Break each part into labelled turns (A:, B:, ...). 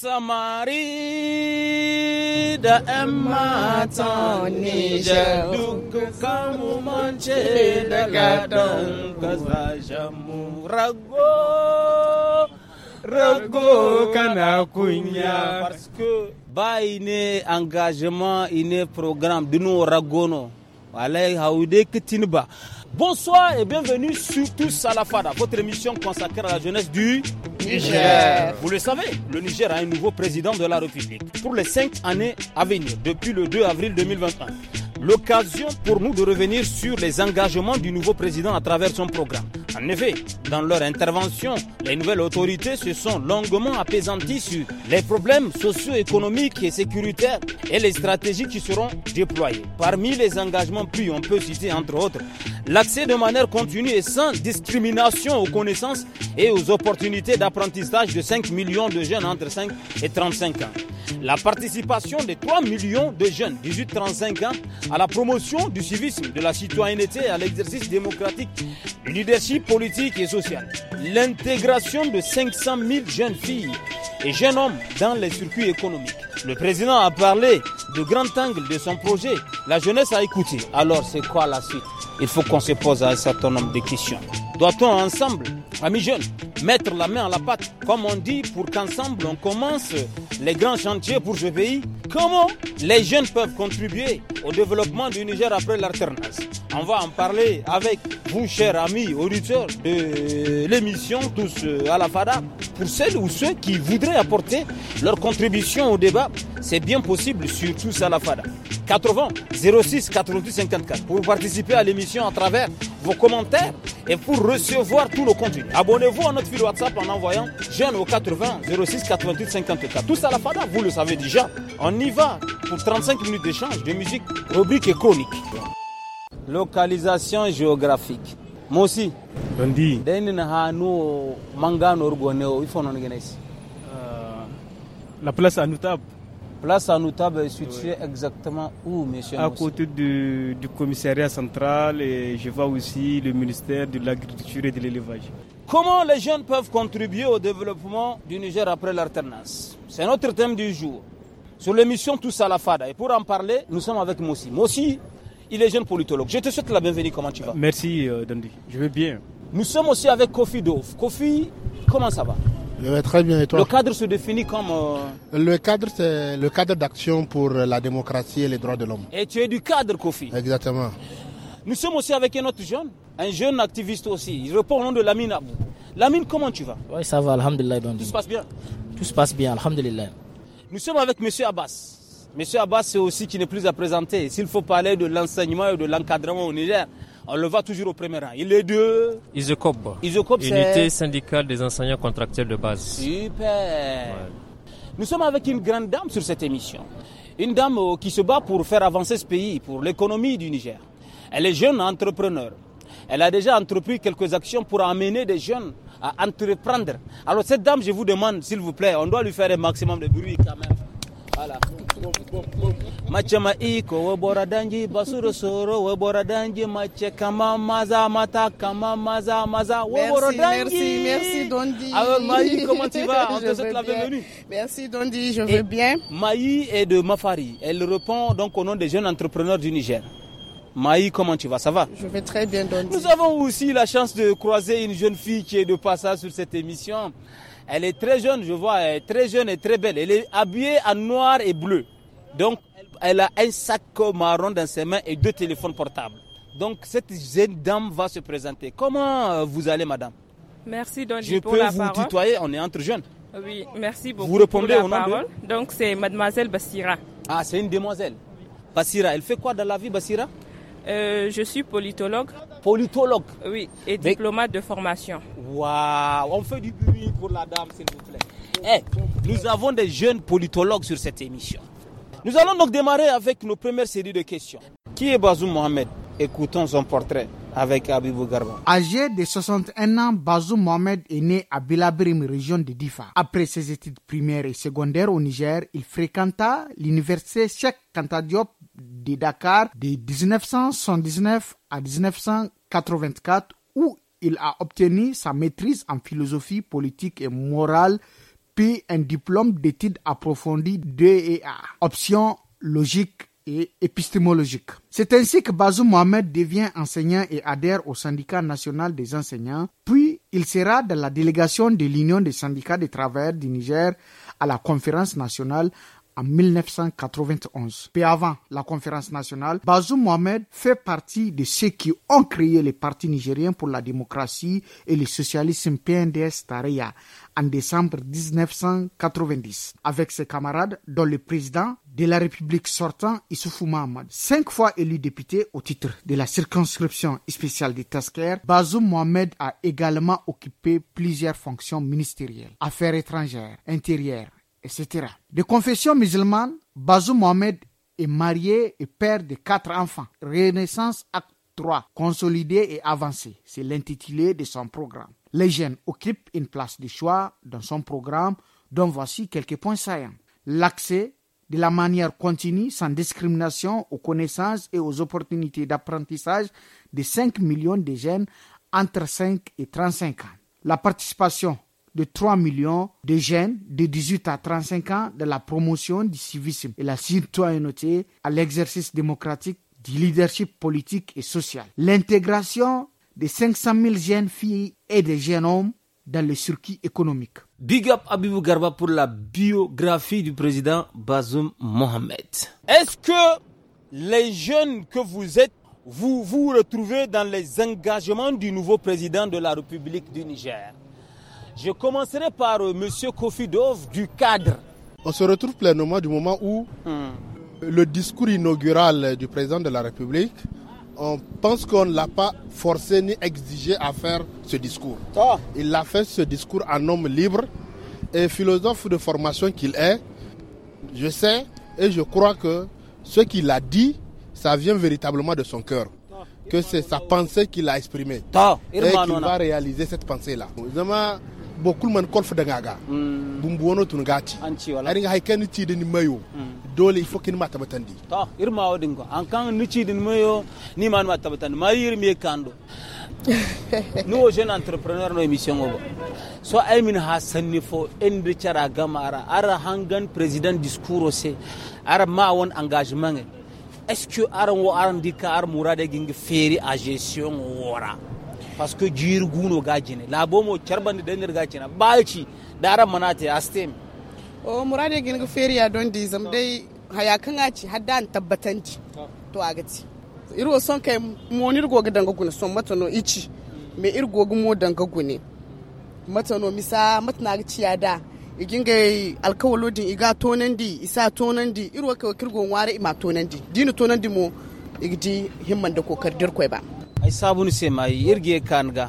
A: samari da 'yan matan Nijar duk kamu mance daga don
B: rago rago kana
C: kunya parce que
A: engagement, ine engagement ine programme de nous ragono walay haude ketinba Bonsoir et bienvenue sur Tous à la Fada, votre émission consacrée à la jeunesse du Niger. Vous le savez, le Niger a un nouveau président de la République pour les cinq années à venir, depuis le 2 avril 2021 l'occasion pour nous de revenir sur les engagements du nouveau président à travers son programme. En effet, dans leur intervention, les nouvelles autorités se sont longuement apaisanties sur les problèmes socio-économiques et sécuritaires et les stratégies qui seront déployées. Parmi les engagements pris, on peut citer entre autres l'accès de manière continue et sans discrimination aux connaissances et aux opportunités d'apprentissage de 5 millions de jeunes entre 5 et 35 ans. La participation des 3 millions de jeunes 18-35 ans à la promotion du civisme, de la citoyenneté à l'exercice démocratique du leadership politique et social. L'intégration de 500 000 jeunes filles et jeunes hommes dans les circuits économiques. Le président a parlé de grand angle de son projet. La jeunesse a écouté. Alors c'est quoi la suite il faut qu'on se pose un certain nombre de questions. Doit-on ensemble, amis jeunes, mettre la main à la pâte, comme on dit, pour qu'ensemble on commence les grands chantiers pour ce pays Comment les jeunes peuvent contribuer au développement du Niger après l'alternance On va en parler avec vous, chers amis auditeurs de l'émission Tous à la Fada. Pour celles ou ceux qui voudraient apporter leur contribution au débat, c'est bien possible sur Tous à la Fada. 80 06 90 54 pour participer à l'émission à travers vos commentaires et pour recevoir tout le contenu. Abonnez-vous à notre fil WhatsApp en envoyant jeune au 80 06 88 54. Tout ça à la fada, vous le savez déjà. On y va pour 35 minutes d'échange de musique, rubrique et conique. Localisation géographique. Moi aussi. On euh, La place à table. Place en Notable est située exactement où, monsieur À côté
C: du, commissariat central et je vois aussi le ministère de l'Agriculture et de l'Élevage.
A: Comment les jeunes peuvent contribuer au développement du Niger après l'alternance C'est notre thème du jour. Sur l'émission Tous à la Fada. Et pour en parler, nous sommes avec Mossi. Mossi, il est jeune politologue. Je te souhaite la bienvenue. Comment tu vas
C: Merci, euh, Dandy. Je vais bien.
A: Nous sommes aussi avec Kofi Dove. Kofi, comment ça va
D: très bien Le
A: cadre se définit comme... Euh,
D: le cadre, c'est le cadre d'action pour la démocratie et les droits de l'homme.
A: Et tu es du cadre, Kofi
D: Exactement.
E: Nous sommes
A: aussi avec un autre jeune, un jeune activiste aussi. Il répond au nom de Lamine Abou. Lamine, comment tu vas
E: Oui, ça va, Alhamdulillah. Tout se passe bien Tout se passe bien, Alhamdulillah.
A: Nous sommes avec M. Abbas. Monsieur Abbas, c'est aussi qui n'est plus à présenter. S'il faut parler de l'enseignement et de l'encadrement au Niger, on le voit toujours au premier rang. Il est deux.
B: Isocop. Isocop, c'est... Unité syndicale des enseignants contractuels de base.
A: Super. Nous sommes avec une grande dame sur cette émission. Une dame euh, qui se bat pour faire avancer ce pays, pour l'économie du Niger. Elle est jeune entrepreneur. Elle a déjà entrepris quelques actions pour amener des jeunes à entreprendre. Alors cette dame, je vous demande, s'il vous plaît, on doit lui faire un maximum de bruit quand même kama maza mata kama maza maza merci merci Dondi alors ah, Maï comment tu vas on te souhaite la bienvenue merci Dondi je vais bien Maï est de Mafari elle répond donc au nom des jeunes entrepreneurs du Niger Maï, comment tu vas Ça va Je vais très bien, Dondi. Nous avons aussi la chance de croiser une jeune fille qui est de passage sur cette émission. Elle est très jeune, je vois, elle est très jeune et très belle. Elle est habillée en noir et bleu. Donc, elle a un sac marron dans ses mains et deux téléphones portables. Donc, cette jeune dame va se présenter. Comment vous allez, madame
F: Merci, donc Je peux vous tutoyer, on est entre jeunes. Oui, merci beaucoup. Vous répondez au nom Donc, c'est mademoiselle Bassira. Ah, c'est une demoiselle. Bassira, elle fait quoi dans la vie, Bassira euh, je suis politologue. Politologue Oui, et diplomate de formation. Waouh, on fait du pour la dame, s'il vous plaît. Eh, nous
A: avons des jeunes politologues sur cette émission. Nous allons donc démarrer avec nos premières séries de questions. Qui est Bazou Mohamed Écoutons son portrait avec Abibou Garba.
G: Âgé de 61 ans, Bazou Mohamed est né à Bilabrim, région de Difa. Après ses études primaires et secondaires au Niger, il fréquenta l'université Cheikh Kantadiop de Dakar de 1979 à 1984 il a obtenu sa maîtrise en philosophie politique et morale, puis un diplôme d'études approfondies DEA, option logique et épistémologique. C'est ainsi que Bazou Mohamed devient enseignant et adhère au syndicat national des enseignants, puis il sera dans la délégation de l'Union des syndicats des travailleurs du Niger à la conférence nationale en 1991. Puis avant la conférence nationale, Bazoum Mohamed fait partie de ceux qui ont créé le Parti nigérien pour la démocratie et le socialisme PNDS Tareya en décembre 1990 avec ses camarades dont le président de la République sortant, Issoufou Mohamed. Cinq fois élu député au titre de la circonscription spéciale de Tasker, Bazoum Mohamed a également occupé plusieurs fonctions ministérielles, affaires étrangères, intérieures, de confession musulmane, Bazou Mohamed est marié et père de quatre enfants. Renaissance Acte 3, consolidé et avancé, c'est l'intitulé de son programme. Les jeunes occupent une place de choix dans son programme dont voici quelques points saillants. L'accès de la manière continue, sans discrimination, aux connaissances et aux opportunités d'apprentissage de 5 millions de jeunes entre 5 et 35 ans. La participation de 3 millions de jeunes de 18 à 35 ans de la promotion du civisme et la citoyenneté à l'exercice démocratique du leadership politique et social. L'intégration des 500 000 jeunes filles et des jeunes hommes dans le circuit économique.
A: Big up Abibou Garba pour la biographie du président Bazoum Mohamed. Est-ce que les jeunes que vous êtes, vous vous retrouvez dans les engagements du nouveau président de la République du Niger je commencerai par M. Euh, Monsieur Kofi du cadre.
D: On se retrouve pleinement du moment où hmm. le discours inaugural du président de la République, on pense qu'on ne l'a pas forcé ni exigé à faire ce discours. Ah. Il a fait ce discours en homme libre et philosophe de formation qu'il est. Je sais et je crois que ce qu'il a dit, ça vient véritablement de son cœur que c'est sa pensée qu'il a exprimée ah, et qu'il va réaliser cette pensée-là. bokulman kolf da ngaga mm. bumbu wono tun gati ari nga haykan ci din mayo mm. dole ifo kin mata batandi
A: to irma odin ko an kan ni ci din mayo ni man mata batandi mayir me kando nous jeunes entrepreneur no émission ogo so ay min ha sanni fo ende cara gama ara ara hangan président discours se ara ma won engagement est ce que ara wo ara ndika ara murade gingi feri a gestion wora parce que jir guno gajine labo mo charbani denir gajina balci dara manate astem
H: o murade gin feriya don di zam dai haya kan aci hadda an tabbatanci to a gaci irwo son kai monir goga danga gune son matano ici me ir goga mo danga gune matano misa matna gaci ya da igin ga alkawalodin iga tonan di isa tonan di irwo kai kirgon ware ima tonan di dini tonan di mo igidi himman da kokar dirkwai ba
A: ay saabuni sem ay irgie kanga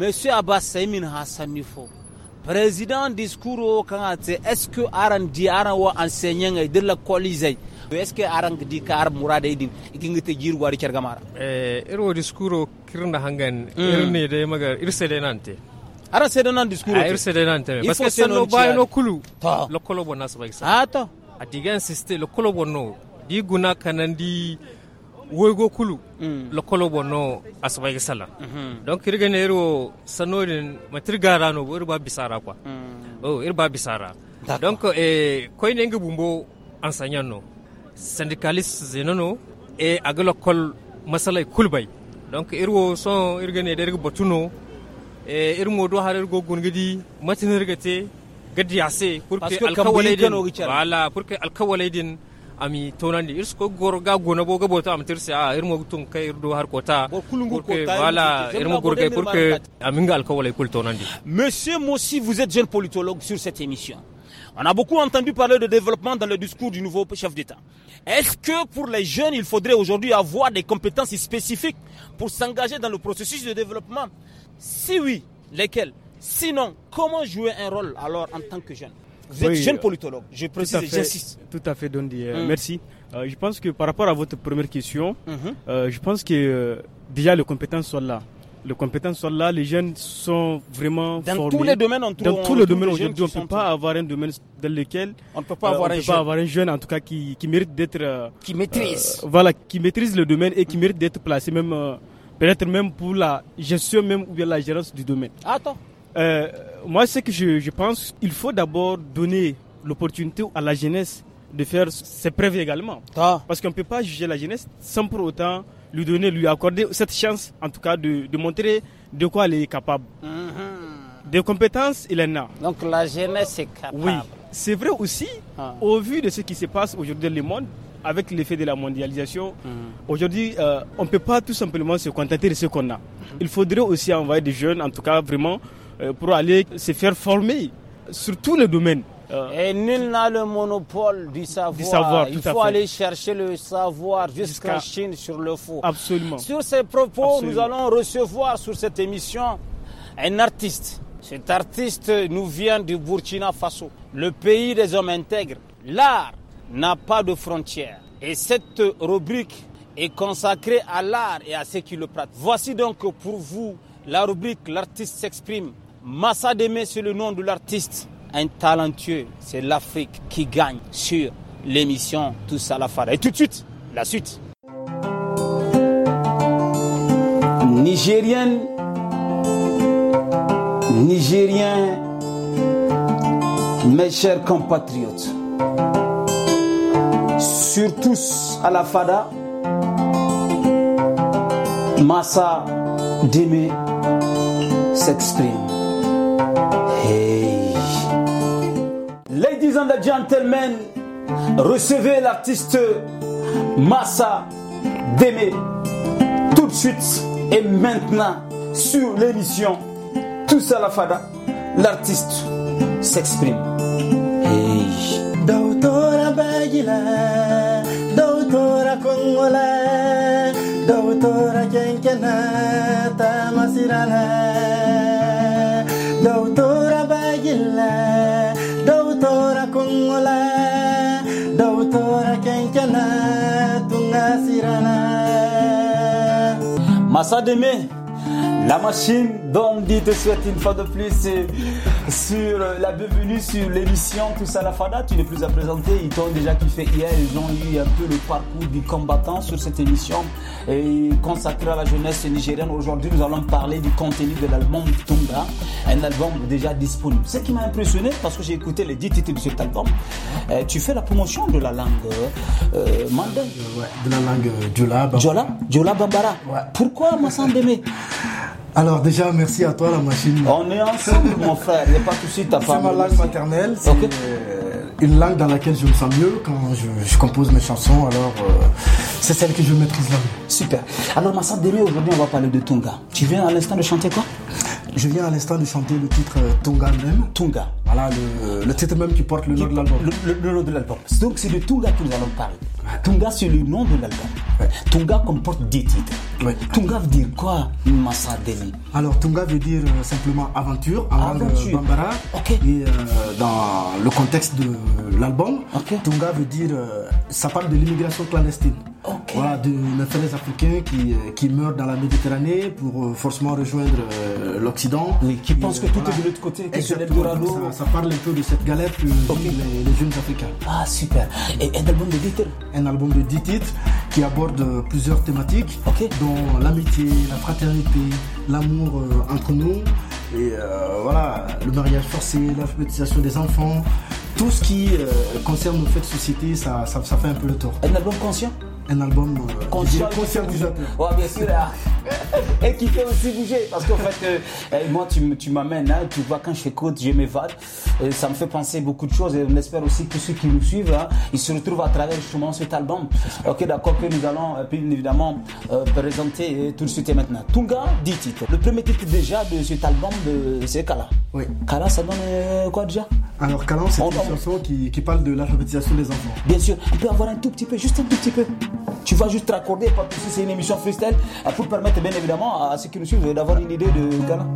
A: monsieur abbas saymin ha sanni fo président discours o kanga te est ce que aran di aran wo enseignant ay e de la collise est ce que aran di kar murade idin
B: igingite jir wari cergamara eh irwo discours o kirna hangan mm. irne de maga irse de nante
A: ara diskuro. nan discours ah, irse de nante parce que sanno
B: kulu to lokolo bonas bay sa ato ah, adiga insister lokolo bonno di guna kanandi woygo kulu mm. lo kolo bonno asbay sala mm-hmm. donc irgene ero sanorin matirgara no irba bisara quoi mm. oh irba bisara donc eh, e koyne ngi bumbo enseignant no syndicaliste zenono e aglo kol masala kulbay donc irwo son irgene derg botuno e irmo do har irgo gongidi matinirgate gadi ase pour que alkawalaydin wala pour que alkawalaydin ami tonandi monsieur Mossi vous êtes jeune politologue sur cette émission on a
A: beaucoup entendu parler de développement dans le discours du nouveau chef d'État. Est-ce que pour les jeunes, il faudrait aujourd'hui avoir des compétences spécifiques pour s'engager dans le processus de développement Si oui, lesquelles Sinon, comment jouer un rôle alors en tant que jeune vous êtes jeune euh, politologue, je précise j'insiste.
C: Tout à fait, Dondi. Euh, hum. Merci. Euh, je pense que par rapport à votre première question, je pense que déjà les compétences sont là. Les compétences sont là, les jeunes sont vraiment dans tous les domaines, tout cas. dans tous les domaines aujourd'hui, on ne peut pas avoir un domaine dans lequel on ne peut pas, avoir, un peut pas avoir un jeune, en tout cas, qui, mérite d'être qui maîtrise, voilà, qui maîtrise le domaine et qui mérite d'être placé même peut-être même pour la gestion même ou bien la gérance du domaine. Attends. Euh, moi, ce que je, pense, il faut d'abord donner l'opportunité à la jeunesse de faire ses preuves également. Parce qu'on ne peut pas juger la jeunesse sans pour autant lui donner, lui accorder cette chance, en tout cas, de, de montrer de quoi elle est capable. Mhm. Des compétences, il en a. Donc la jeunesse est capable. Oui, c'est vrai aussi, ah. au vu de ce qui se passe aujourd'hui dans le monde, avec l'effet de la mondialisation, mhm. aujourd'hui, euh, on ne peut pas tout simplement se contenter de ce qu'on a. Mhm. Il faudrait aussi envoyer des jeunes, en tout cas vraiment, euh, pour aller se faire former sur tous les domaines. Euh. Et nul n'a le monopole du savoir. Il faut aller chercher le savoir jusqu'en Chine
A: sur le faux. Absolument. Sur ces propos, nous allons recevoir sur cette émission un artiste. Cet artiste nous vient du Burkina Faso, le pays des hommes intègres. L'art n'a pas de frontières. Et cette rubrique est consacrée à l'art et à ceux qui le pratiquent. Voici donc pour vous la rubrique L'artiste s'exprime Massa Deme, c'est le nom de l'artiste. Un talentueux, c'est l'Afrique qui gagne sur l'émission Tous à la Fada. Et tout de suite, la suite. Nigérienne, Nigérien, mes chers compatriotes, sur Tous à la Fada, Massa Deme s'exprime. Ladies and gentlemen, recevez l'artiste Massa Deme tout de suite et maintenant sur l'émission
I: Tous à la Fada, l'artiste s'exprime. Hey. Doutora Bagila, Doutora Kongola, Doutora Kenkena, Tamasirala, Doutora Bagila. Dautora Kungola, Dautora kenkena Tunga Sirana. Deme, la machine d'homme
A: dit te souhaite une fois de plus sur la bienvenue sur l'émission Tous à la Fada. Tu n'es plus à présenter. Ils t'ont déjà kiffé hier. Ils ont eu un peu le parcours du combattant sur cette émission et consacrée à la jeunesse nigérienne. Aujourd'hui, nous allons parler du contenu de l'album Tunga, un album déjà disponible. Ce qui m'a impressionné parce que j'ai écouté les 10 titres de cet album.
I: Euh, tu fais la promotion de la langue euh, de la langue euh, Djola Bambara. Djola, Bambara. Ouais. Pourquoi Massandeme alors déjà, merci à toi la machine. On est ensemble mon frère, il n'y pas de ta femme. C'est ma langue maternelle, c'est euh, une langue dans laquelle je me sens mieux quand je, compose mes chansons, alors euh, c'est celle que je maîtrise mieux. Super. Alors ma sœur Demi, aujourd'hui on va parler de Tonga. Tu viens à l'instant de chanter quoi Je viens à l'instant de chanter le titre euh, Tonga même. Tonga. Voilà euh, le, titre même qui porte le nom de l'album. Le, nom de l'album. Donc c'est de Tunga que nous allons parler. Ah. Tunga c'est le nom de l'album. Tunga comporte 10 titres. Tunga veut dire quoi Massa Deni Alors Tunga veut dire euh, simplement aventure en euh, aventure. Bambara. Et dans le contexte de l'album, Tunga veut dire ça parle de l'immigration clandestine. Voilà, de africains qui, euh, qui meurent dans la Méditerranée pour euh, forcément rejoindre euh, l'Occident. qui pensent que tout est de l'autre côté, que c'est ça, ça, parle un peu de cette galère que les, jeunes africains. Ah, super. Et un album de 10 titres Un album de 10 titres qui aborde plusieurs thématiques, dont l'amitié, la fraternité, l'amour entre nous, et voilà, le mariage forcé, l'alphabétisation des enfants tout ce qui euh, concerne nos faits de société, ça, ça, fait un peu le tort. Un album conscient un album du euh, Japon
A: Ouais, bien sûr. Hein. Et qui fait aussi bouger. Parce qu'en fait, euh, eh, moi, tu, tu m'amènes, hein, tu vois, quand je j'ai je m'évade. Ça me fait penser beaucoup de choses. Et on espère aussi que ceux qui nous suivent, hein, ils se retrouvent à travers justement cet album. Ok, d'accord, que nous allons, puis euh, évidemment, présenter tout de suite maintenant. Tunga, 10 titres. Le premier titre déjà de cet
I: album, c'est Kala. Oui. Kala, ça donne quoi déjà Alors, Kala, c'est une chanson qui, qui parle de l'alphabétisation des enfants. Bien sûr, on peut avoir un tout petit peu, juste un tout petit peu. Tu vas juste raccorder,
A: parce que c'est une émission freestyle, euh, pour permettre bien évidemment à ceux qui nous suivent euh, d'avoir une idée de Ghana.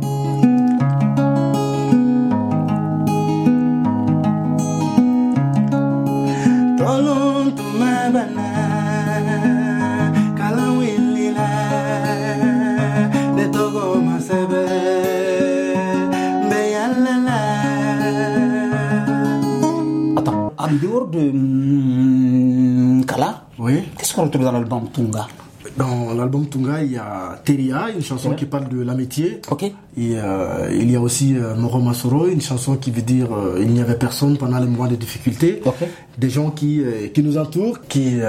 I: dans l'album Tunga Dans l'album Tunga, il y a Teria, une chanson qui parle de l'amitié. Ok. Et euh, il y a aussi euh, Moro une chanson qui veut dire euh, il n'y avait personne pendant les moments de difficulté. Des gens qui, qui nous entourent, qui,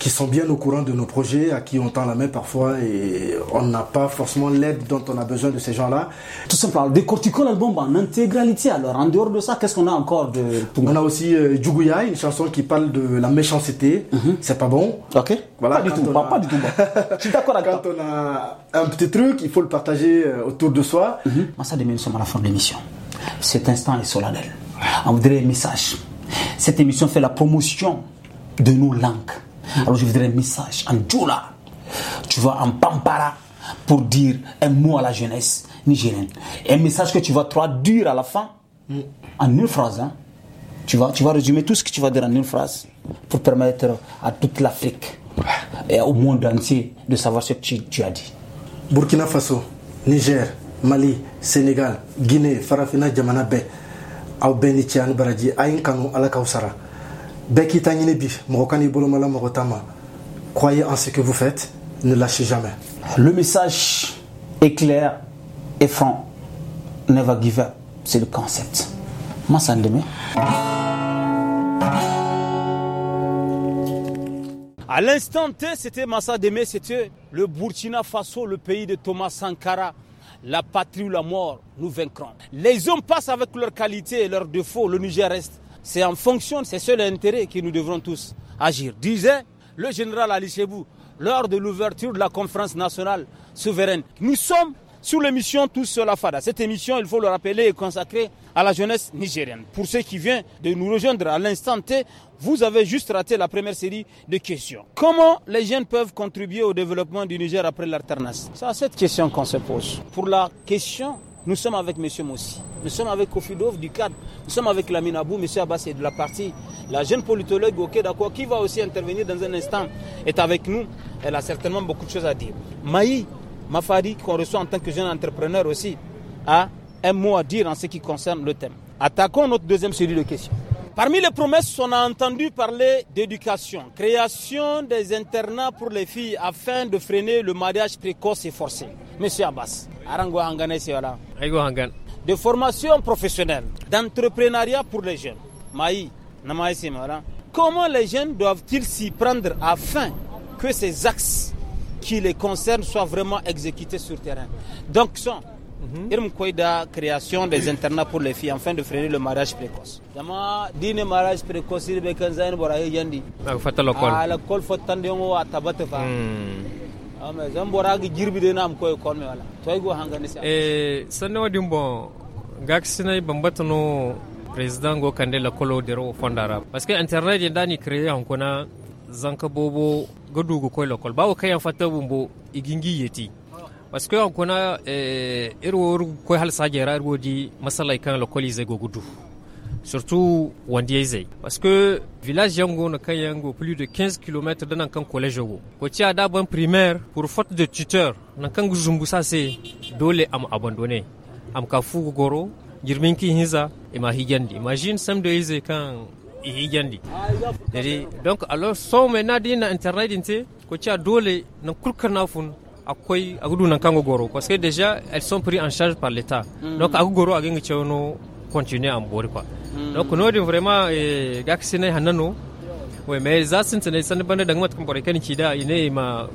I: qui sont bien au courant de nos projets, à qui on tend la main parfois et on n'a pas forcément l'aide dont on a besoin de ces gens-là. Tout simplement, décortiquons l'album en intégralité. Alors, en dehors de ça, qu'est-ce qu'on a encore de On a aussi Djuguya, une chanson qui parle de la méchanceté. Mhm. C'est pas bon. Ok. Voilà, pas, du tout, pas, du tout, bon. Je suis d'accord avec Quand on a un petit truc, il faut le partager autour de soi histoire. ça
A: mm -hmm. sommes à la fin de l'émission. Cet instant est solennel. On voudrait un message. Cette émission fait la promotion de nos langues. Alors je voudrais un message en Djoula, tu vois, en Pampara, pour dire un mot à la jeunesse nigérienne. Un message que tu vas traduire à la fin, mm. en une phrase. Hein. Tu, vas, tu vas résumer tout ce que tu vas dire en une phrase pour permettre à toute l'Afrique et au monde
I: entier de savoir ce que tu as dit. Burkina Faso, Niger, mali Sénégal, guinée farafina jamana Bé, aw bɛɛ ni Baradi, ani baraji a ye ala k'aw bolomala croyez en ce que vous faites ne lâchez jamais le message est clair et franc
A: never give up c'est le concept Massa À l'instant T, c'était Massa Deme, c'était le Burkina Faso, le pays de Thomas Sankara la patrie ou la mort, nous vaincrons. Les hommes passent avec leurs qualités et leurs défauts, le Niger reste. C'est en fonction de ces seuls intérêts que nous devrons tous agir. Disait le général Ali Chebou lors de l'ouverture de la conférence nationale souveraine. Nous sommes sur l'émission Tous sur la Fada. Cette émission, il faut le rappeler, est consacrée à la jeunesse nigérienne. Pour ceux qui viennent de nous rejoindre à l'instant T, vous avez juste raté la première série de questions. Comment les jeunes peuvent contribuer au développement du Niger après l'alternance C'est à cette question qu'on se pose. Pour la question, nous sommes avec M. Mossi, nous sommes avec Kofi Dov du cadre, nous sommes avec Lamine Abou, M. Abbas est de la partie, la jeune politologue ok, d'accord, qui va aussi intervenir dans un instant, est avec nous. Elle a certainement beaucoup de choses à dire. Maï, Mafari, qu'on reçoit en tant que jeune entrepreneur aussi, a un mot à dire en ce qui concerne le thème. Attaquons notre deuxième série de questions. Parmi les promesses, on a entendu parler d'éducation, création des internats pour les filles afin de freiner le mariage précoce et forcé. Monsieur Abbas, de formation professionnelle, d'entrepreneuriat pour les jeunes. Maï, Comment les jeunes doivent-ils s'y prendre afin que ces axes qui les concernent soient vraiment exécutés sur terrain. Donc, sont mhm. irin koyda création des internats pour les filles afin de freiner le mariage précoce dama dine mariage précoce irbe kan zain bora ye yandi
B: ak ah, fatal l'école à l'école
A: au ngo wa tabata fa ame zan bora gi jirbi de nam koy kon me wala toy go hangane sa
B: e sanne wadi bon gak sinay bambata no président go kande l'école fond fondara parce que internet créé en hankona zanka bobo ga koy lokol bawo kayan fata bumbo igingi yeti parce que on kona eh, irwo koy hal sajera erwo di masalai kan lokoli zai gogudu gudu surtout Wandiaise. Parce que village Yango, Nakayango, plus de 15 km dans un collège. Quand a bon primaire, pour faute de tuteur, Nakangu Zumbusa, c'est Dole am abandonné. Am Kafu Goro, Jirminki Hinza, et Imagine Sam de Eze quand yandi dare donc alors so maintenant na dina internet din te ko cewa dole nan kurkar nafun akwai agudu nan kango goro parce que déjà elles sont pris en charge par l'état hmm. donc agu goro aginga cewa no continuer en bori quoi hmm. donc no din vraiment eh, ga kisine hanano we mai za sun ne san bande da ngat kan bori da ine ma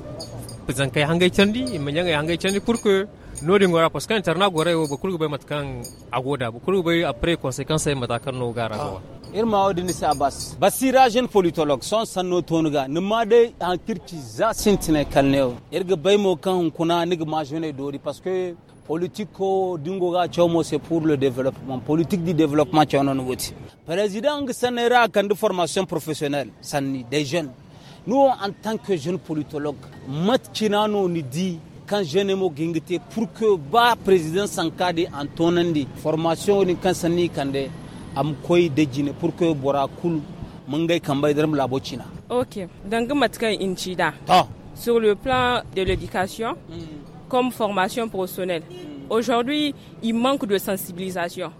B: pizan kai hangai chandi ma nyanga hangai candi pour que nodin gora paskan tarna gore ba kulgu bai matkan agoda ba kulgu bai apre conséquence matakan no gara ah. gawa
A: irma odin sa bas basira jeune politologue son sanno tonuga nima de an kirki za sintine kalneo irga bai mo kan kuna nig ma jeune dori parce que politique ko oh, dingo ga chomo c'est pour le développement politique du développement chono no woti président ga sanera kan formation professionnelle sanni des jeunes nous en tant que jeune politologue mat ni di kan jene mo gingite pour que ba president sankade an tonandi formation ni kan sanni kande am koy dejine pour que bora kul mangay kambay dram
F: ok donc matka inchi da sur le plan de l'éducation mm. comme formation professionnelle mm. aujourd'hui il manque de sensibilisation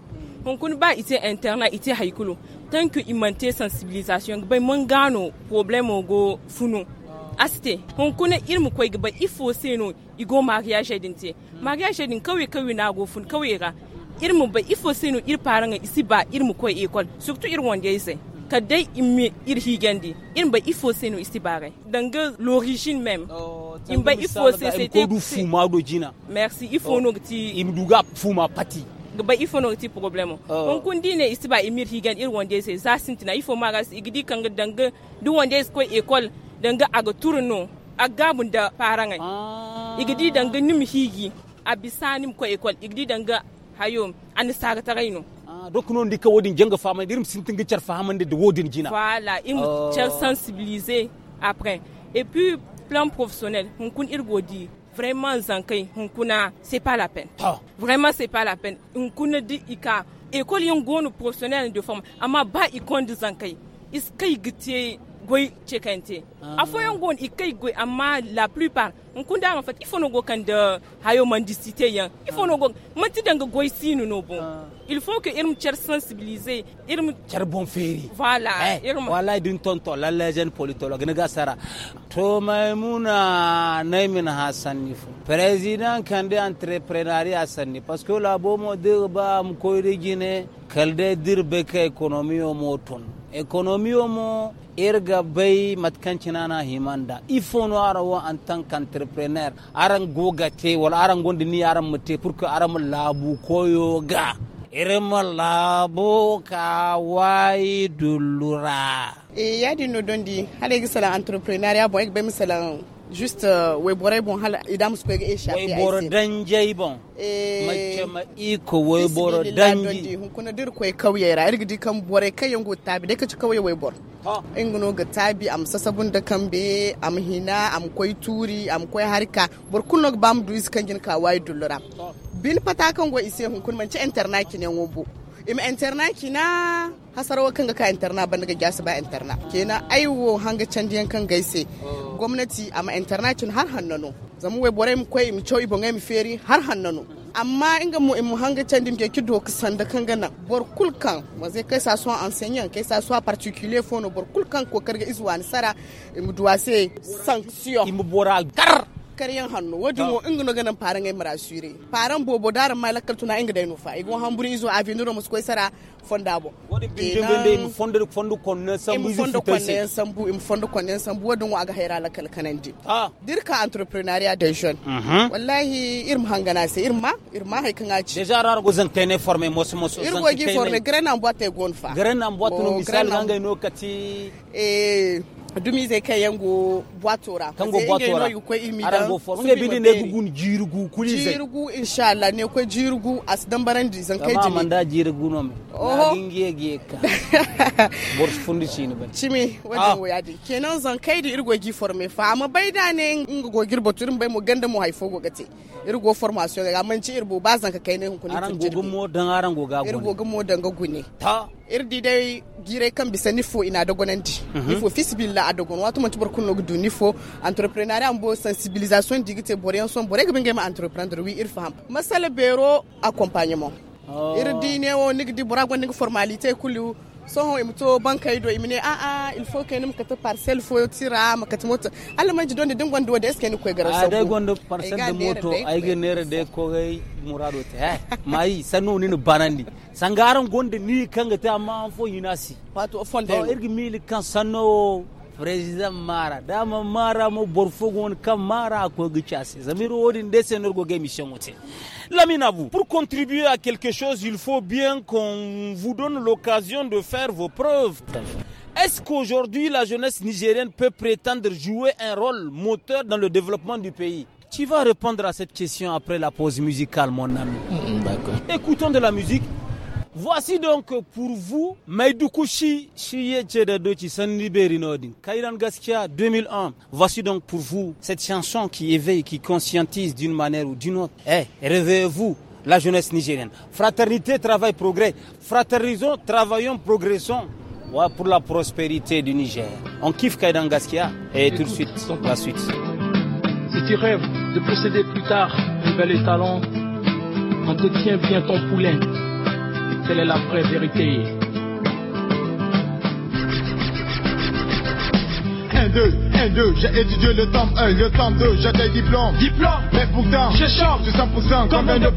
F: kun mm. ba ite interna ite haikulu tant que il manque sensibilisation bay ben, mangano problème go funu aste hon kuna mu koi gaba ifo seno igo mariage din te mariage din kawai kawai na gofun kawai ra mu ba ifo seno ir nga isi ba irmu koi ekol surtout ir wonde yise kadai iri ir higendi in ba ifo seno isi bare danga l'origine même oh, in ba ifo se te ko du fuma do jina merci ifo oh. no ti im duga fuma pati gaba ifo no ti problemo on oh. kun dine isi ba imir higen ir wonde sai za sintina ifo magas igidi kanga danga du wonde ko ekol danga aga turno aga bunda parangai ah. igidi danga nim higi bisanim ko ekol igidi danga hayo an saga tagaino
A: ah, donc non dika wodin janga fama dirim ga char fama de wodin jina voilà im oh. char
F: sensibiliser après et puis plan professionnel hun kun irgodi vraiment zankai hun kuna c'est pas la peine vraiment c'est pas la peine hun kuna di ika ekol yon gonu professionnel de forme ama ba ikon di zankai iskai gite goy chekante a ah. foyon gon ikai goi amma la plupart in kun da mafat ifo go kan de hayo man disite yan ifo no go mati danga goy sinu no bon ah. il faut que irim cher sensibiliser irim cher bon feri voilà eh, irim
A: wallahi din tonto la legend politologue ne gasara to maimuna naimin hassan nifu président kan da entrepreneuriat sanni parce que la bomo de ba mu koy regine kalde dirbe ka economy o moton economy o mo irga bay matkanci kinana himanda ifono faut no ara wo en tant qu'entrepreneur aran gogate wala aran gondi ni aran mate pour que aran labu koyoga irim labu ka wayi dulura
H: e eh, yadi no dondi hale gisala entrepreneur ya bo ek be misalan juste uh, we borai bon hala idam musu koyga isha we boro
A: danje bon eh, mace ma iko we boro danji
H: hun kuna dir koy kawye ra irgidi kan borai kai yango tabi dai kaci kauye we bor ingono ga tabi am sasabun da kan be am hina am koy turi am koy harka bor kunno bam duis kanjin ka wai dulura bin pata kan go ise hun kun man manci internet ki ne wobo im internet ki na hasarwa kan ga ka internet ban ga gyasu ba internet kina aiwo hanga canjiyan kan gaise oh. gwamnati ama international har hannano zama wai bore mu koy mu choy bonga mu feri har hannano amma inga mu mu hanga chandim ke kido sanda kanga na bor kulkan waze kai sa so enseignant kai sa so particulier fono bor kulkan ko karga izwani sara mu duwase sanction mu bora gar karyan hannu wajen mu inga no ganan paran ai marasure paran bobo daran malakar tuna inga dai nufa igon hamburi izo avenue mu koy sara fonda bo binde sambu sambu im sambu la kal kanandi ah dirka mhm. wallahi irma kan ci. deja
A: rar zan tene mosu mosu zan irgo
H: gi gon fa no misal hanga no kati dumi zai kai yango boatora kango boatora no ko imi da bindi ne gugun jirgu kuli zai inshallah ne ko jirgu as dan barandi zan kai jini manda
A: jirgu no me oh oho gingiye giye ka bor fundi chini ban
H: chimi wajen ah. waya din kenan zan kai da irgo gi forme fa amma bai da ne in go girbo turin bai mu ganda mu haifo go gate irgo formation ga man ci irbo ba zan ka kai ne hunkuni aran gogun mo dan aran goga gune irgo gumo dan ga gune ta irdi dai gire kan bisa nifo ina da gonandi mhm. nifo fisbilla a dogon wato man tubar kunno gudu nifo entrepreneuriat bo sensibilisation digite bore son bore ga bingai ma entrepreneur wi irfaham masala bero accompagnement
I: Oh. irin di
H: ne wo nik di bura nik formalite kulu soho imto banka ido imine a ah, a ah, il faut que nim kata parcel fo tira makata moto alla manji donde din gondo wada eske ni ko gara ah, sabo dai gondo parcel de moto ay ge
A: nere de ko gay murado te he mai sanu ni no banandi sangaran gonde ni kanga ta amma an fo yinasi wato fonde o oh, irgi mili kan sanno president mara dama mara mo borfo gon kan mara ko gichasi zamiro wodin de senor go ge mission vous pour contribuer à quelque chose, il faut bien qu'on vous donne l'occasion de faire vos preuves. Est-ce qu'aujourd'hui la jeunesse nigérienne peut prétendre jouer un rôle moteur dans le développement du pays Tu vas répondre à cette question après la pause musicale, mon ami. D'accord. Écoutons de la musique voici donc pour vous maidoukushi shiyece da Sanliberi Liberinodin gaskia 2001 voici donc pour vous cette chanson qui éveille qui conscientise d'une manière ou d'une autre Eh, réveillez-vous la jeunesse nigérienne fraternité travail progrès fraternisons travaillons progressons pour la prospérité du Niger on kiffe Kairan Gaskia et, tout de suite la suite si
I: tu rêves de procéder plus tard un bel étalon entretiens bien ton poulet telle est la vraie vérité.
J: 1, 2, 1, 2, j'ai étudié le temps 1, le temps 2, j'ai des diplômes. Diplôme, mais pourtant, je chante suis 100%, comme 22%.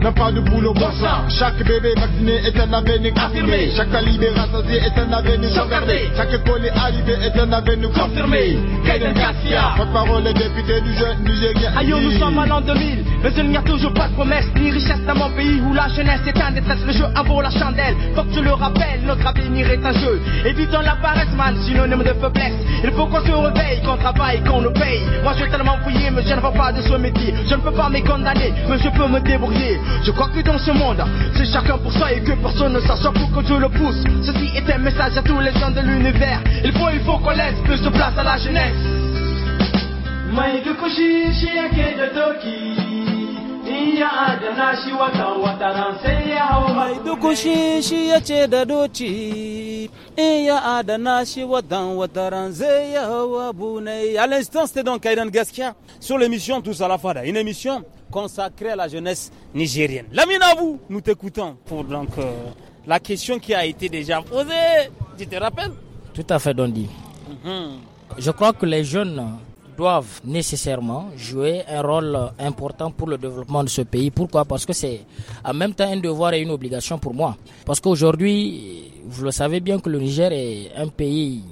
J: N'a pas de boulot, bon ça. Chaque bébé vacciné est un avenir
I: affirmé. Chaque talibé rassasié est un avenir sauvegardé. Chaque collé arrivé est un avenir confirmé. Kaiden Garcia, votre parole est député du jeune Nigérien. Aïe, nous sommes à l'an 2000, mais il n'y a toujours pas de promesse ni richesse dans mon pays où la jeunesse est un détresse. Le jeu en la chandelle. Faut que tu le rappelles, notre avenir est un jeu. Évitons la paresse, man, synonyme de faiblesse. Faut qu'on se réveille, qu'on travaille, qu'on nous paye. Moi je suis tellement fouillé, mais je ne vois pas de ce métier. Je ne peux pas me condamner, mais je peux me débrouiller. Je crois que dans ce monde, c'est chacun pour soi et que personne ne s'assoit pour que je le pousse. Ceci est un message à tous les gens de l'univers. Il faut, il faut qu'on laisse plus de place à la jeunesse. de
A: l'instant c'était donc Aydan Gaskia sur l'émission Tous à la Fada une émission consacrée à la jeunesse nigérienne Lamina vous nous t'écoutons pour donc la question qui a été déjà posée tu te rappelles
E: tout à fait Dondi mhm. je crois que les jeunes doivent nécessairement jouer un rôle important pour le développement de ce pays. Pourquoi Parce que c'est en même temps un devoir et une obligation pour moi. Parce qu'aujourd'hui, vous le savez bien que le Niger est un pays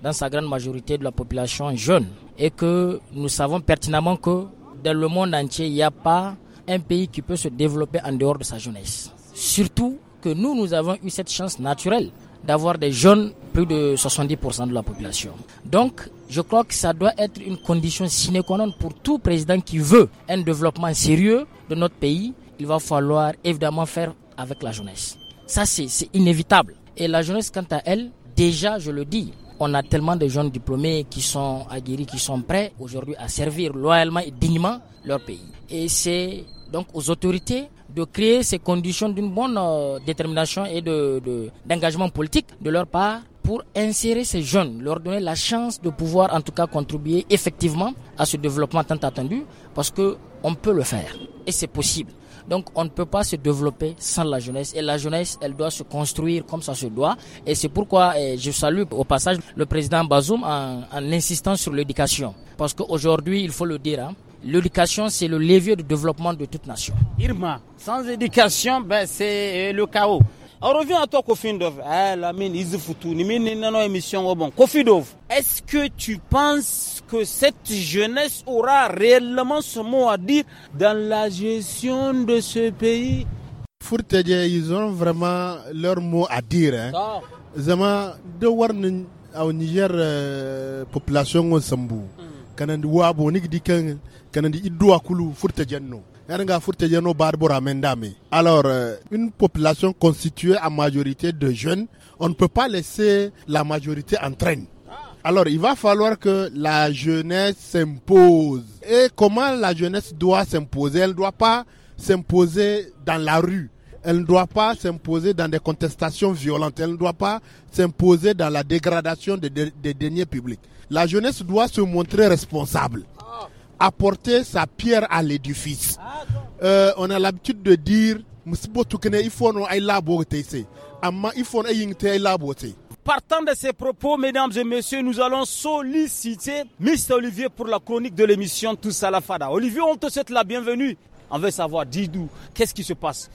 E: dans sa grande majorité de la population jeune et que nous savons pertinemment que dans le monde entier, il n'y a pas un pays qui peut se développer en dehors de sa jeunesse. Surtout que nous, nous avons eu cette chance naturelle d'avoir des jeunes, plus de 70% de la population. Donc, je crois que ça doit être une condition sine qua non pour tout président qui veut un développement sérieux de notre pays. Il va falloir évidemment faire avec la jeunesse. Ça, c'est inévitable. Et la jeunesse, quant à elle, déjà, je le dis, on a tellement de jeunes diplômés qui sont aguerris, qui sont prêts aujourd'hui à servir loyalement et dignement leur pays. Et c'est donc aux autorités de créer ces conditions d'une bonne euh, détermination et d'engagement de, d'engagement politique de leur part pour insérer ces jeunes, leur donner la chance de pouvoir en tout cas contribuer effectivement à ce développement tant attendu, parce qu'on peut le faire et c'est possible. Donc on ne peut pas se développer sans la jeunesse et la jeunesse elle doit se construire comme ça se doit et c'est pourquoi eh, je salue au passage le président Bazoum en, insistant sur l'éducation parce qu'aujourd'hui il faut le dire hein, L'éducation, c'est le levier de développement de toute nation. Irma, sans éducation,
A: ben, c'est euh, le chaos. On revient à toi, Kofi Dov, ah, oh Est-ce que tu penses que cette jeunesse aura
D: réellement ce mot à dire dans la gestion de ce pays Fourtedier, ils ont vraiment leur mot à dire. Hein. Zama, de voir au Niger, euh, population Sambou. Quand hmm. on alors euh, une population constituée à majorité de jeunes on ne peut pas laisser la majorité en alors il va falloir que la jeunesse s'impose et comment la jeunesse doit s'imposer elle ne doit pas s'imposer dans la rue elle ne doit pas s'imposer dans des contestations violentes, elle ne doit pas s'imposer dans la dégradation des, des deniers publics. La jeunesse doit se montrer responsable apporter sa pierre à l'édifice. Euh, on a l'habitude de dire il faut Partant de ces
A: propos, mesdames et messieurs, nous allons solliciter Mr. Olivier pour la chronique de l'émission Tous à la Fada. Olivier, on te souhaite la bienvenue. On veut savoir, Didou, qu'est-ce qui se passe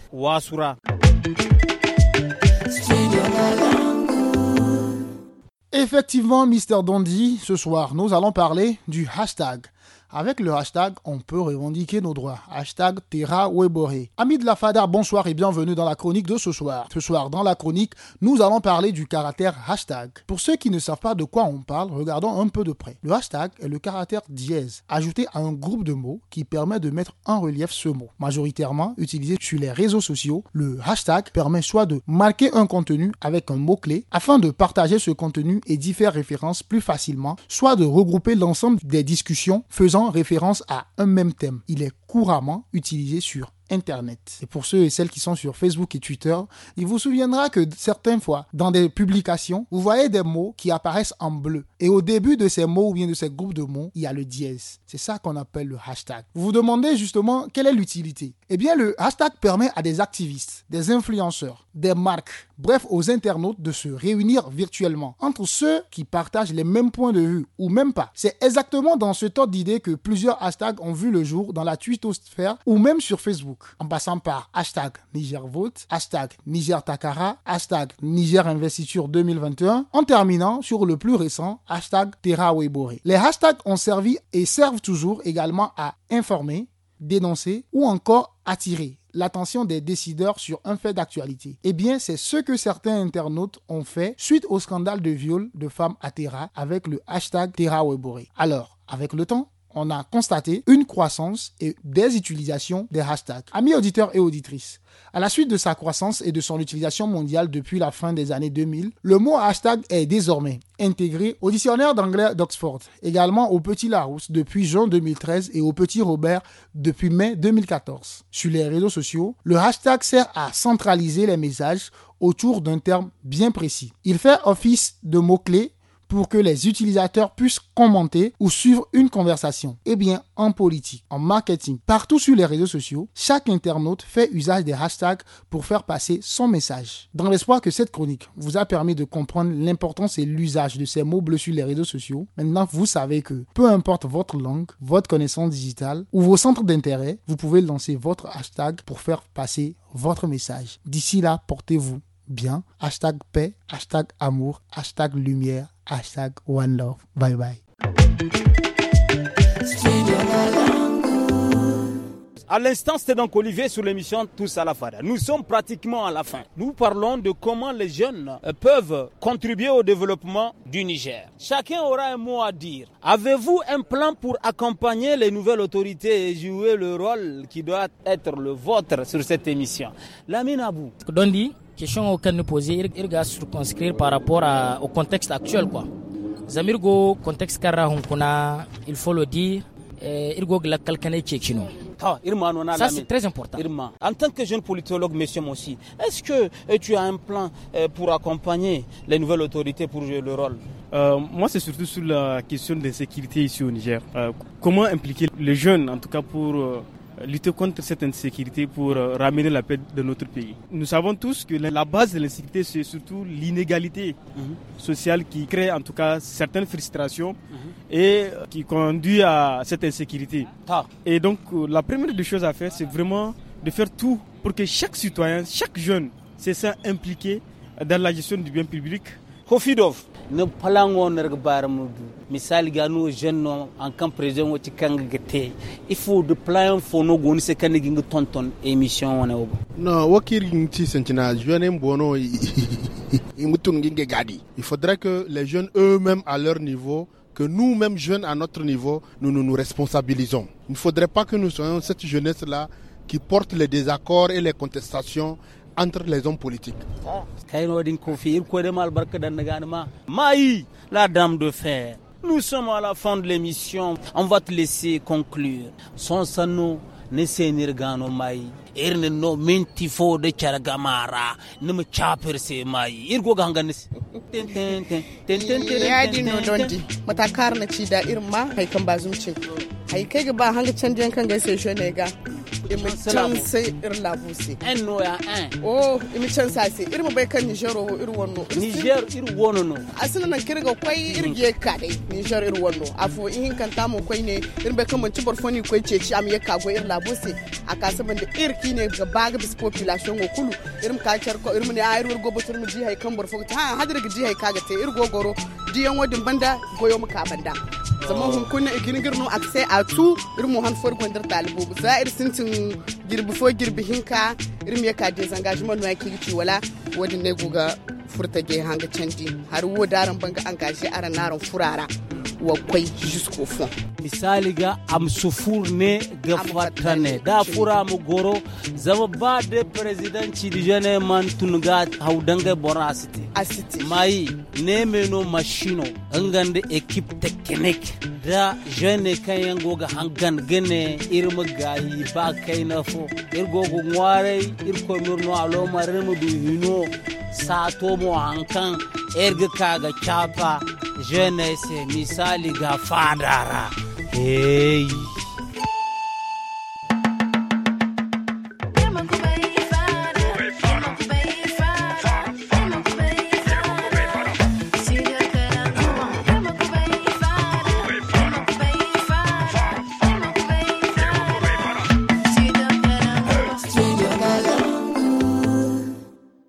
J: Effectivement, Mr. Dondi, ce soir, nous allons parler du hashtag avec le hashtag, on peut revendiquer nos droits. Hashtag Terra Weboré. Amis de la FADA, bonsoir et bienvenue dans la chronique de ce soir. Ce soir, dans la chronique, nous allons parler du caractère hashtag. Pour ceux qui ne savent pas de quoi on parle, regardons un peu de près. Le hashtag est le caractère dièse, ajouté à un groupe de mots qui permet de mettre en relief ce mot. Majoritairement utilisé sur les réseaux sociaux, le hashtag permet soit de marquer un contenu avec un mot-clé afin de partager ce contenu et d'y faire référence plus facilement, soit de regrouper l'ensemble des discussions faisant référence à un même thème. Il est couramment utilisé sur Internet. Et pour ceux et celles qui sont sur Facebook et Twitter, il vous souviendra que certaines fois, dans des publications, vous voyez des mots qui apparaissent en bleu. Et au début de ces mots ou bien de ces groupes de mots, il y a le dièse. C'est ça qu'on appelle le hashtag. Vous vous demandez justement quelle est l'utilité. Eh bien, le hashtag permet à des activistes, des influenceurs, des marques, bref, aux internautes de se réunir virtuellement entre ceux qui partagent les mêmes points de vue ou même pas. C'est exactement dans ce temps d'idées que plusieurs hashtags ont vu le jour dans la Twitter ou même sur Facebook, en passant par hashtag NigerVote, hashtag NigerTakara, hashtag NigerInvestiture 2021, en terminant sur le plus récent, hashtag TerraWebore. Les hashtags ont servi et servent toujours également à informer, dénoncer ou encore attirer l'attention des décideurs sur un fait d'actualité. Eh bien, c'est ce que certains internautes ont fait suite au scandale de viol de femmes à Tera avec le hashtag TerraWebore. Alors, avec le temps, on a constaté une croissance et des utilisations des hashtags. Amis auditeurs et auditrices, à la suite de sa croissance et de son utilisation mondiale depuis la fin des années 2000, le mot hashtag est désormais intégré au dictionnaire d'anglais d'Oxford, également au Petit Larousse depuis juin 2013 et au Petit Robert depuis mai 2014. Sur les réseaux sociaux, le hashtag sert à centraliser les messages autour d'un terme bien précis. Il fait office de mot-clé pour que les utilisateurs puissent commenter ou suivre une conversation. Eh bien, en politique, en marketing, partout sur les réseaux sociaux, chaque internaute fait usage des hashtags pour faire passer son message. Dans l'espoir que cette chronique vous a permis de comprendre l'importance et l'usage de ces mots bleus sur les réseaux sociaux, maintenant vous savez que peu importe votre langue, votre connaissance digitale ou vos centres d'intérêt, vous pouvez lancer votre hashtag pour faire passer votre message. D'ici là, portez-vous bien, hashtag paix, hashtag amour, hashtag lumière, hashtag one love. Bye bye.
A: À l'instant, c'était donc Olivier sur l'émission Tous à la Fada. Nous sommes pratiquement à la fin. Nous parlons de comment les jeunes peuvent contribuer au développement du Niger. Chacun aura un mot à dire. Avez-vous un plan pour accompagner les nouvelles autorités et jouer le rôle qui doit être le vôtre sur cette émission
E: Lamine Abou. Dondi, question auquel nous poser, il va circonscrire par rapport au contexte actuel. Quoi. Zamirgo, contexte Kara il faut le dire, eh, il que la kalkane tchekino.
A: Ah, Ça, c'est très important.
E: En tant que jeune politologue, monsieur
A: Mossi, est-ce que eh, tu as un plan eh, pour accompagner les nouvelles autorités pour jouer le
C: rôle euh, moi, c'est surtout sur la question de sécurité ici au Niger. Euh, comment impliquer les jeunes, en tout cas pour euh, lutter contre cette insécurité pour euh, ramener la paix de notre pays. Nous savons tous que la base de l'insécurité, c'est surtout l'inégalité mhm. sociale qui crée en tout cas certaines frustrations mhm. et euh, qui conduit à cette insécurité. Et donc euh, la première des choses à faire, c'est vraiment de faire tout pour que chaque citoyen, chaque jeune se sente impliqué dans la gestion du bien public
A: na palango nargbar misali ganu jenno en camp prison wati kanga gete
D: il faut de plan fo no goni se kan ginga tonton émission wona wo no wakir ti sentina jeune bono imutun ginga gadi il faudrait que les jeunes eux-mêmes à leur niveau que nous-mêmes jeunes à notre niveau, nous nous, nous responsabilisons. Il ne faudrait pas que nous soyons cette jeunesse-là qui porte les désaccords et les contestations entre les hommes politiques.
A: Maï, la dame de fer, nous sommes à la fin de l'émission. On va te laisser conclure. ça ça ne nirgano irin no minti fo de mu nima chapirse mai irgo ga
H: ten ya di no mata kar na ci da irin ma haikan ba ai kai ga ba hanga canje kan ga sai shone ga imi can sai ir labuse en no ya en oh imi can sai irin bai kan nijero irin wonno niger irin wonno no asina nan kirga kwai irin mm. ge ka dai niger irin wonno afo in kan tamu kwai ne irin bai kan mun ci borfoni kwai ceci am ye kago ir labuse a kasaban da irki gaba ga bisa population wa kulu irin ka ko irin ne a wor gobo turmi ji hay kan bor ta ha hadir ga ji kaga te ir gogoro diyan wadin banda goyo muka banda zama ah. hun kunna igin girno sai a tu irin mu han for dalibu talibu za ir sintin girbi fo girbi hinka irin ya ka desengagement no yake gici wala wadin ne goga furta ge hanga canji har wo daran banga an gashi aran naran furara
A: wakwai jusqu'au fond misali ga amsufur ne ga fatane da fura mu goro zama ba presidenci da jane man tunga haudange bora asiti asiti mai ne meno machino da ekip teknik da jane kan yango ga hangan gane irma gayi ba kai na fo irgo go irko mirno aloma remu du hino sato mu hankan erga kaga chapa jane se mis misali ga fadara
J: hey